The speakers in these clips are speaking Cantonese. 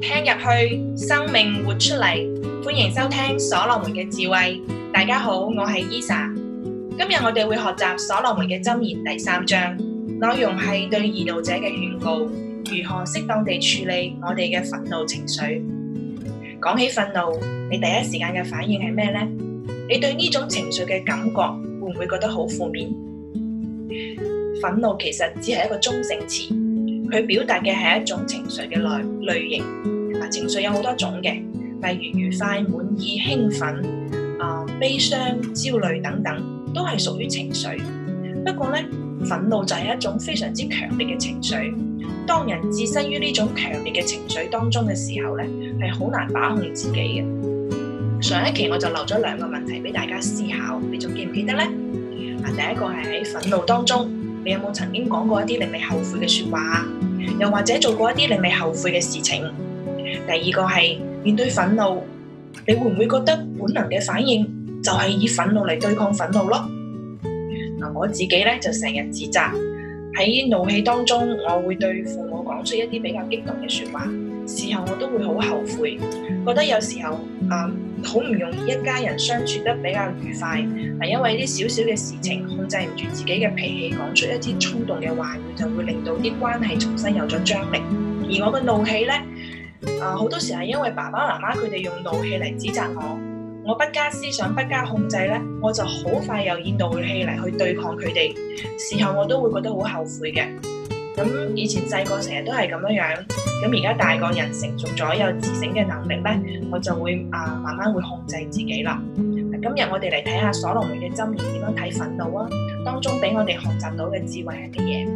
聽入去，生命活出嚟，歡迎收聽所羅門嘅智慧。大家好，我係 Esa。今日我哋會學習所羅門嘅箴言第三章，內容係對易怒者嘅勸告，如何適當地處理我哋嘅憤怒情緒。講起憤怒，你第一時間嘅反應係咩呢？你對呢種情緒嘅感覺會唔會覺得好負面？憤怒其實只係一個中性詞。佢表達嘅係一種情緒嘅類類型，啊，情緒有好多種嘅，例如愉快、滿意、興奮，啊、呃，悲傷、焦慮等等，都係屬於情緒。不過咧，憤怒就係一種非常之強烈嘅情緒。當人置身於呢種強烈嘅情緒當中嘅時候咧，係好難把控自己嘅。上一期我就留咗兩個問題俾大家思考，你仲記唔記得咧？啊，第一個係喺憤怒當中，你有冇曾經講過一啲令你後悔嘅説話啊？又或者做過一啲你未後悔嘅事情。第二個係面對憤怒，你會唔會覺得本能嘅反應就係以憤怒嚟對抗憤怒咯？嗱，我自己咧就成日自責喺怒氣當中，我會對父母講出一啲比較激動嘅說話，事後我都會好後悔，覺得有時候啊。嗯好唔容易，一家人相處得比較愉快，係因為啲小小嘅事情控制唔住自己嘅脾氣，講出一啲衝動嘅話語，就會令到啲關係重新有咗張力。而我嘅怒氣咧，啊、呃、好多時係因為爸爸媽媽佢哋用怒氣嚟指責我，我不加思想、不加控制咧，我就好快又以怒氣嚟去對抗佢哋，事後我都會覺得好後悔嘅。咁以前細個成日都係咁樣樣，咁而家大個人成熟咗，有自省嘅能力咧，我就會啊慢慢會控制自己啦。今日我哋嚟睇下所羅門嘅箴言點樣睇憤怒啊，當中俾我哋學習到嘅智慧係乜嘢？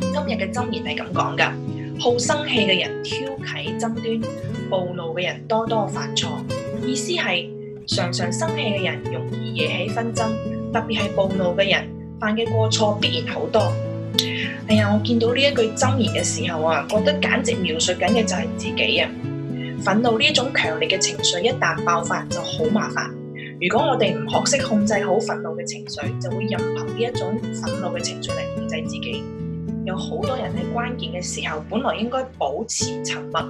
今日嘅箴言係咁講噶：好生氣嘅人挑啓爭端，暴怒嘅人多多犯錯。意思係常常生氣嘅人容易惹起紛爭，特別係暴怒嘅人犯嘅過錯必然好多。係啊、哎，我見到呢一句箴言嘅時候啊，覺得簡直描述緊嘅就係自己啊！憤怒呢一種強烈嘅情緒一旦爆發就好麻煩。如果我哋唔學識控制好憤怒嘅情緒，就會任憑呢一種憤怒嘅情緒嚟控制自己。有好多人喺關鍵嘅時候，本來應該保持沉默，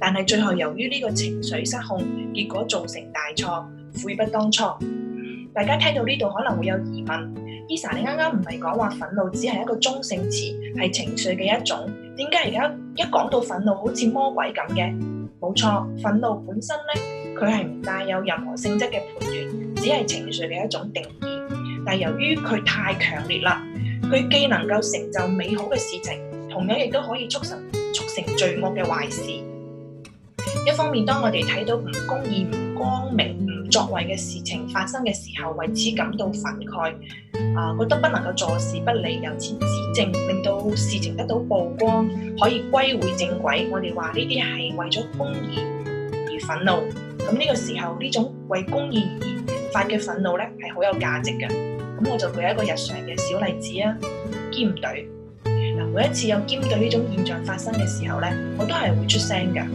但係最後由於呢個情緒失控，結果造成大錯，悔不當初。嗯、大家聽到呢度可能會有疑問。Elsa，你啱啱唔係講話憤怒只係一個中性詞，係情緒嘅一種。點解而家一講到憤怒好似魔鬼咁嘅？冇錯，憤怒本身咧，佢係唔帶有任何性質嘅判斷，只係情緒嘅一種定義。但係由於佢太強烈啦，佢既能夠成就美好嘅事情，同樣亦都可以促成促成罪惡嘅壞事。一方面，當我哋睇到唔公義、唔光明，作為嘅事情發生嘅時候，為此感到憤慨，啊，覺得不能夠坐視不理，由此指正，令到事情得到曝光，可以歸回正軌。我哋話呢啲係為咗公義而憤怒。咁呢個時候，呢種為公義而發嘅憤怒咧，係好有價值嘅。咁我就舉一個日常嘅小例子啊，兼隊。嗱，每一次有兼隊呢種現象發生嘅時候咧，我都係會出聲噶。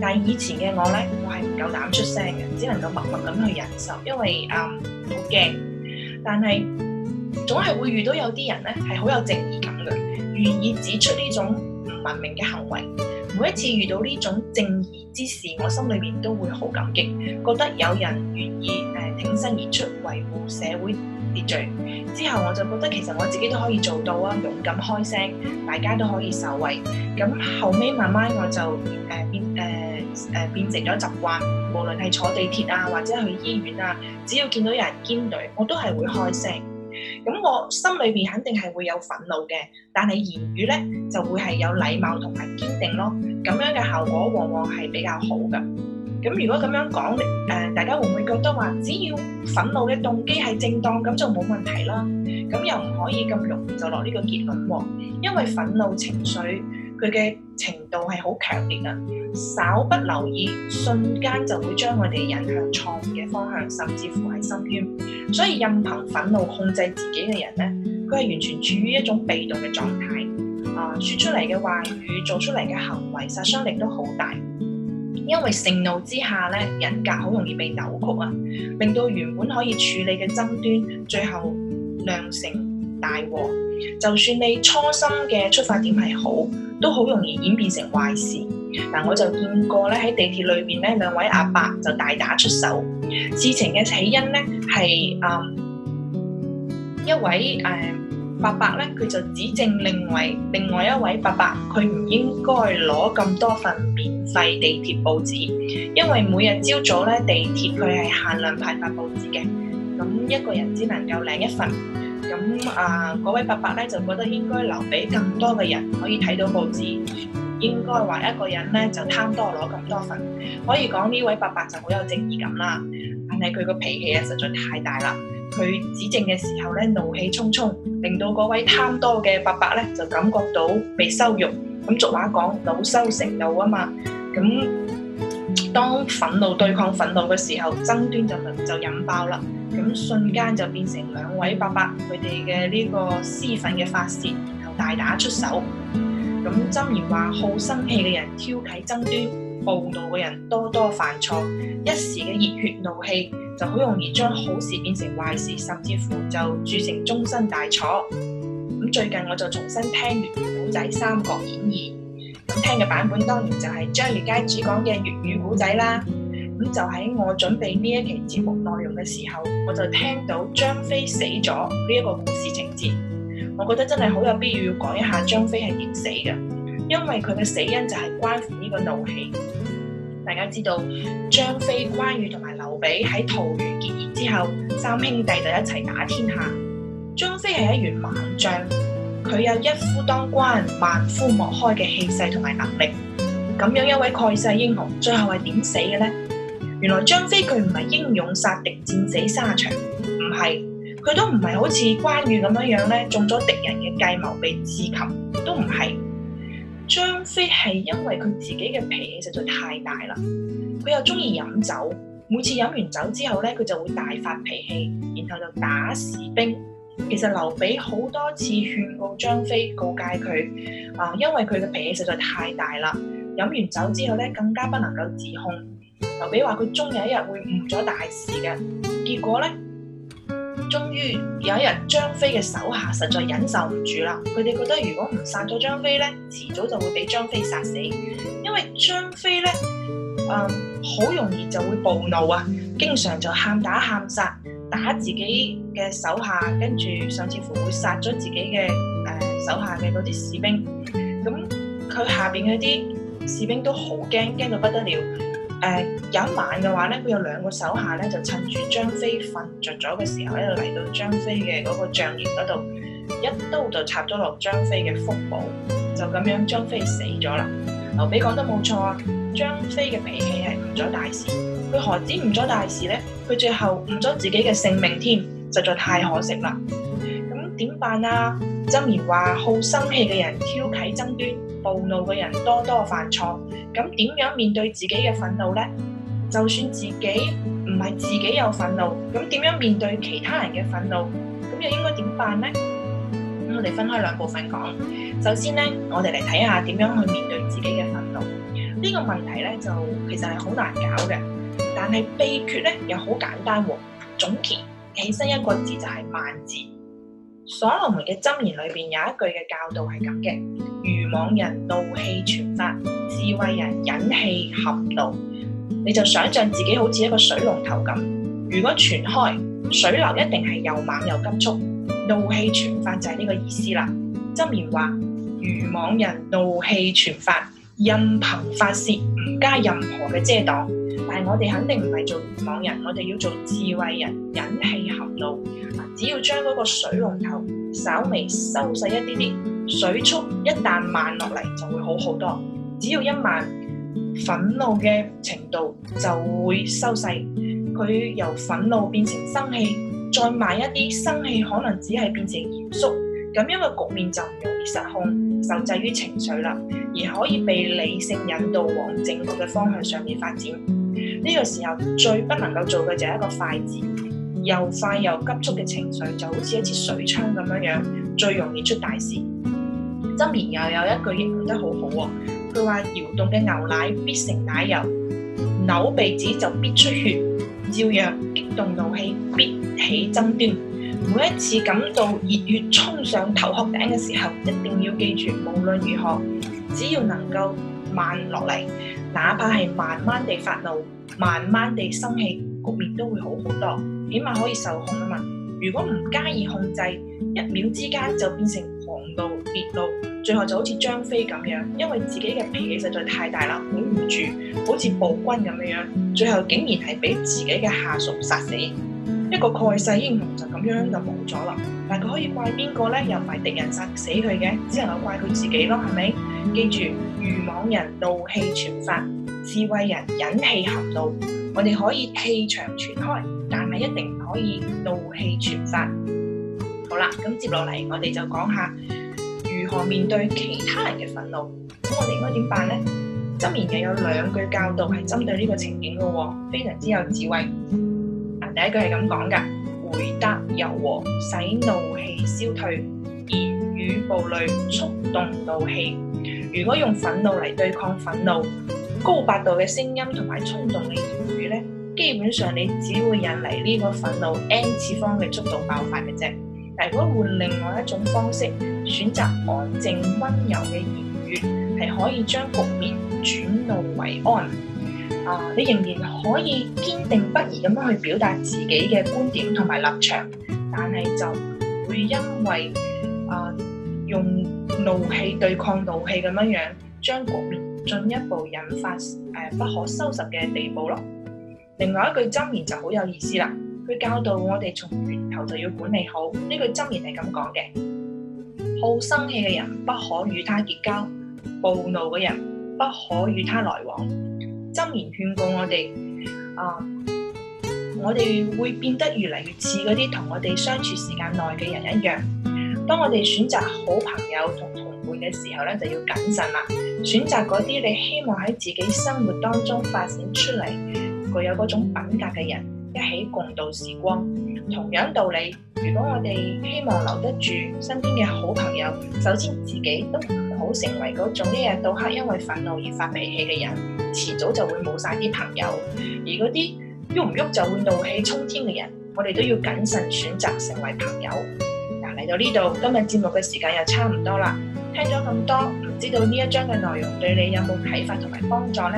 但係以前嘅我咧，我係唔夠膽出聲嘅，只能夠默默咁去忍受，因為誒好驚。但係總係會遇到有啲人咧係好有正義感嘅，願意指出呢種唔文明嘅行為。每一次遇到呢種正義之事，我心裏面都會好感激，覺得有人願意誒、呃、挺身而出維護社會秩序。之後我就覺得其實我自己都可以做到啊，勇敢開聲，大家都可以受惠。咁後尾慢慢我就誒、呃、變。誒、呃、變成咗習慣，無論係坐地鐵啊，或者去醫院啊，只要見到有人堅拒，我都係會開聲。咁我心裏邊肯定係會有憤怒嘅，但係言語咧就會係有禮貌同埋堅定咯。咁樣嘅效果往往係比較好嘅。咁如果咁樣講，誒、呃、大家會唔會覺得話，只要憤怒嘅動機係正當，咁就冇問題啦？咁又唔可以咁容易就落呢個結論喎，因為憤怒情緒。佢嘅程度係好強烈呀，稍不留意，瞬間就會將我哋引向錯誤嘅方向，甚至乎係深淵。所以任憑憤怒控制自己嘅人咧，佢係完全處於一種被動嘅狀態。啊，説出嚟嘅話語，做出嚟嘅行為，殺傷力都好大。因為盛怒之下咧，人格好容易被扭曲啊，令到原本可以處理嘅爭端，最後釀成大禍。就算你初心嘅出發點係好，都好容易演變成壞事，嗱，我就見過咧，喺地鐵裏邊咧，兩位阿伯就大打出手。事情嘅起因咧，係誒一位誒、呃、伯伯咧，佢就指證另外另外一位伯伯，佢唔應該攞咁多份免費地鐵報紙，因為每日朝早咧，地鐵佢係限量派發報紙嘅，咁一個人只能夠領一份。咁、嗯、啊，嗰位伯伯咧就覺得應該留俾更多嘅人可以睇到報紙，應該話一個人咧就貪多攞咁多份，可以講呢位伯伯就好有正義感啦。但係佢個脾氣咧實在太大啦，佢指證嘅時候咧怒氣沖沖，令到嗰位貪多嘅伯伯咧就感覺到被羞辱。咁、嗯、俗話講，惱羞成怒啊嘛，咁、嗯。當憤怒對抗憤怒嘅時候，爭端就就引爆啦，咁瞬間就變成兩位伯伯佢哋嘅呢個私憤嘅發泄，然後大打出手。咁箴言話：好生氣嘅人挑起爭端，暴怒嘅人多多犯錯，一時嘅熱血怒氣就好容易將好事變成壞事，甚至乎就鑄成終身大錯。咁最近我就重新聽完古仔《三國演義》。咁聽嘅版本當然就係張怡佳主講嘅粵語古仔啦。咁就喺我準備呢一期節目內容嘅時候，我就聽到張飛死咗呢一個故事情節。我覺得真係好有必要要講一下張飛係點死嘅，因為佢嘅死因就係關乎呢個怒氣。嗯，大家知道張飛、關羽同埋劉備喺桃園結義之後，三兄弟就一齊打天下。張飛係一員猛將。佢有一夫當關，萬夫莫開嘅氣勢同埋能力，咁樣一位蓋世英雄，最後係點死嘅咧？原來張飛佢唔係英勇殺敵戰死沙場，唔係佢都唔係好似關羽咁樣樣咧，中咗敵人嘅計謀被自擒，都唔係張飛係因為佢自己嘅脾氣實在太大啦，佢又中意飲酒，每次飲完酒之後咧，佢就會大發脾氣，然後就打士兵。其實劉備好多次勸告張飛，告誡佢，啊、呃，因為佢嘅脾氣實在太大啦。飲完酒之後咧，更加不能夠自控。劉備話佢終有一日會誤咗大事嘅。結果咧，終於有一日張飛嘅手下實在忍受唔住啦。佢哋覺得如果唔殺咗張飛咧，遲早就會俾張飛殺死。因為張飛咧，嗯、呃，好容易就會暴怒啊，經常就喊打喊殺。打自己嘅手下，跟住甚至乎會殺咗自己嘅誒、呃、手下嘅嗰啲士兵。咁、嗯、佢下邊嗰啲士兵都好驚，驚到不得了。誒、呃、有一晚嘅話咧，佢有兩個手下咧，就趁住張飛瞓着咗嘅時候，喺度嚟到張飛嘅嗰個帳營嗰度，一刀就插咗落張飛嘅腹部，就咁樣張飛死咗啦。劉備講得冇錯啊，張飛嘅脾氣係誤咗大事。佢何止誤咗大事呢？佢最後誤咗自己嘅性命添，實在太可惜啦！咁點辦啊？箴言話好生氣嘅人挑起爭端，暴怒嘅人多多犯錯。咁點樣面對自己嘅憤怒呢？就算自己唔係自己有憤怒，咁點樣面對其他人嘅憤怒？咁又應該點辦呢？咁我哋分開兩部分講。首先咧，我哋嚟睇下點樣去面對自己嘅憤怒。呢、這個問題咧，就其實係好難搞嘅。但係秘訣咧，又好簡單，啊，總結起身一個字就係、是、慢字。《所羅門嘅箴言》裏邊有一句嘅教導係咁嘅：愚妄人怒氣全發，智慧人忍氣含怒。你就想象自己好似一個水龍頭咁，如果全開，水流一定係又猛又急速。怒氣全發就係呢個意思啦。箴言話：愚妄人怒氣全發，任憑發泄，唔加任何嘅遮擋。但係我哋肯定唔係做愚妄人，我哋要做智慧人，忍氣含怒。只要將嗰個水龍頭稍微收細一啲啲，水速一旦慢落嚟，就會好好多。只要一慢，憤怒嘅程度就會收細。佢由憤怒變成生氣，再慢一啲，生氣可能只係變成嚴肅。咁樣嘅局面就唔容易失控，受制於情緒啦，而可以被理性引導往正確嘅方向上面發展。呢個時候最不能夠做嘅就係一個快字，又快又急促嘅情緒就好似一支水槍咁樣樣，最容易出大事。箴言又有一句形容得好好、哦、喎，佢話搖動嘅牛奶必成奶油，扭鼻子就必出血，照樣激動怒氣必起爭端。每一次感到熱血沖上頭殼頂嘅時候，一定要記住，無論如何，只要能夠。慢落嚟，哪怕係慢慢地發怒、慢慢地生氣，局面都會好好多，起碼可以受控啊嘛。如果唔加以控制，一秒之間就變成狂怒、烈怒，最後就好似張飛咁樣，因為自己嘅脾氣實在太大啦，管唔住，好似暴君咁樣樣，最後竟然係俾自己嘅下屬殺死，一個蓋世英雄就咁樣就冇咗啦。但佢可以怪邊個咧？又唔係敵人殺死佢嘅，只能夠怪佢自己咯，係咪？記住，愚妄人怒氣全發，智慧人忍氣含怒。我哋可以氣場全開，但係一定唔可以怒氣全發。好啦，咁接落嚟，我哋就講下如何面對其他人嘅憤怒。咁我哋應該點辦咧？箴言又有兩句教導係針對呢個情景嘅，哦，非常之有智慧。啊，第一句係咁講噶：回答柔和，使怒氣消退；言語暴戾，觸動怒氣。如果用憤怒嚟對抗憤怒，高八度嘅聲音同埋衝動嘅言語咧，基本上你只會引嚟呢個憤怒 N 次方嘅速度爆發嘅啫。但如果換另外一種方式，選擇安靜温柔嘅言語，係可以將局面轉怒為安。啊，你仍然可以堅定不移咁樣去表達自己嘅觀點同埋立場，但係就會因為啊。用怒氣對抗怒氣咁樣樣，將局面進一步引發誒不可收拾嘅地步咯。另外一句箴言就好有意思啦，佢教導我哋從源頭就要管理好。呢句箴言係咁講嘅：好生氣嘅人不可與他結交，暴怒嘅人不可與他來往。箴言勸告我哋啊，我哋會變得越嚟越似嗰啲同我哋相處時間內嘅人一樣。當我哋選擇好朋友同同伴嘅時候咧，就要謹慎啦。選擇嗰啲你希望喺自己生活當中發展出嚟，具有嗰種品格嘅人，一起共度時光。同樣道理，如果我哋希望留得住身邊嘅好朋友，首先自己都唔好成為嗰種一日到黑因為憤怒而發脾氣嘅人，遲早就會冇晒啲朋友。而嗰啲喐唔喐就會怒氣沖天嘅人，我哋都要謹慎選擇成為朋友。到呢度，今日節目嘅時間又差唔多啦。聽咗咁多，唔知道呢一章嘅內容對你有冇啟發同埋幫助呢？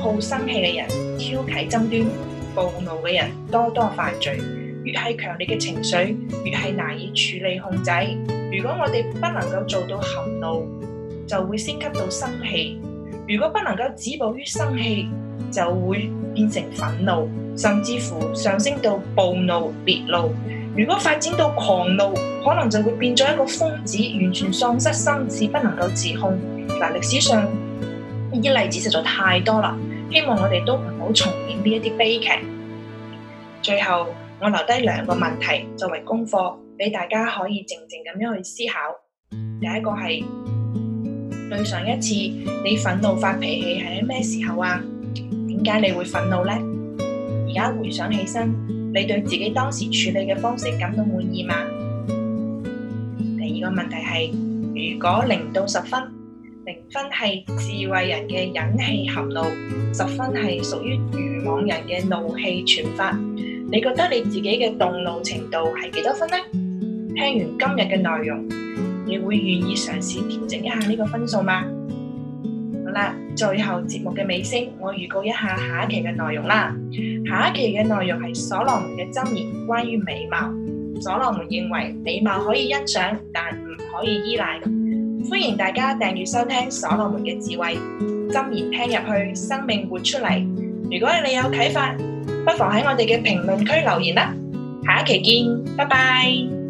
好生氣嘅人挑起爭端，暴怒嘅人多多犯罪。越係強烈嘅情緒，越係難以處理控制。如果我哋不能夠做到含怒，就會升級到生氣；如果不能夠止步於生氣，就會變成憤怒，甚至乎上升到暴怒、烈怒。如果發展到狂怒，可能就會變咗一個瘋子，完全喪失心智，不能夠自控。嗱，歷史上呢啲例子實在太多啦，希望我哋都唔好重演呢一啲悲劇。最後，我留低兩個問題作為功課，俾大家可以靜靜咁樣去思考。第一個係，對上一次你憤怒發脾氣係喺咩時候啊？點解你會憤怒咧？而家回想起身。你對自己當時處理嘅方式感到滿意嗎？第二個問題係：如果零到十分，零分係智慧人嘅忍氣含怒，十分係屬於愚妄人嘅怒氣全發。你覺得你自己嘅動怒程度係幾多分呢？聽完今日嘅內容，你會願意嘗試調整一下呢個分數嗎？最後節目嘅尾聲，我預告一下下一期嘅內容啦。下一期嘅內容係所羅門嘅箴言，關於美貌。所羅門認為美貌可以欣賞，但唔可以依賴。歡迎大家訂閱收聽所羅門嘅智慧箴言，聽入去，生命活出嚟。如果你有啟發，不妨喺我哋嘅評論區留言啦。下一期見，拜拜。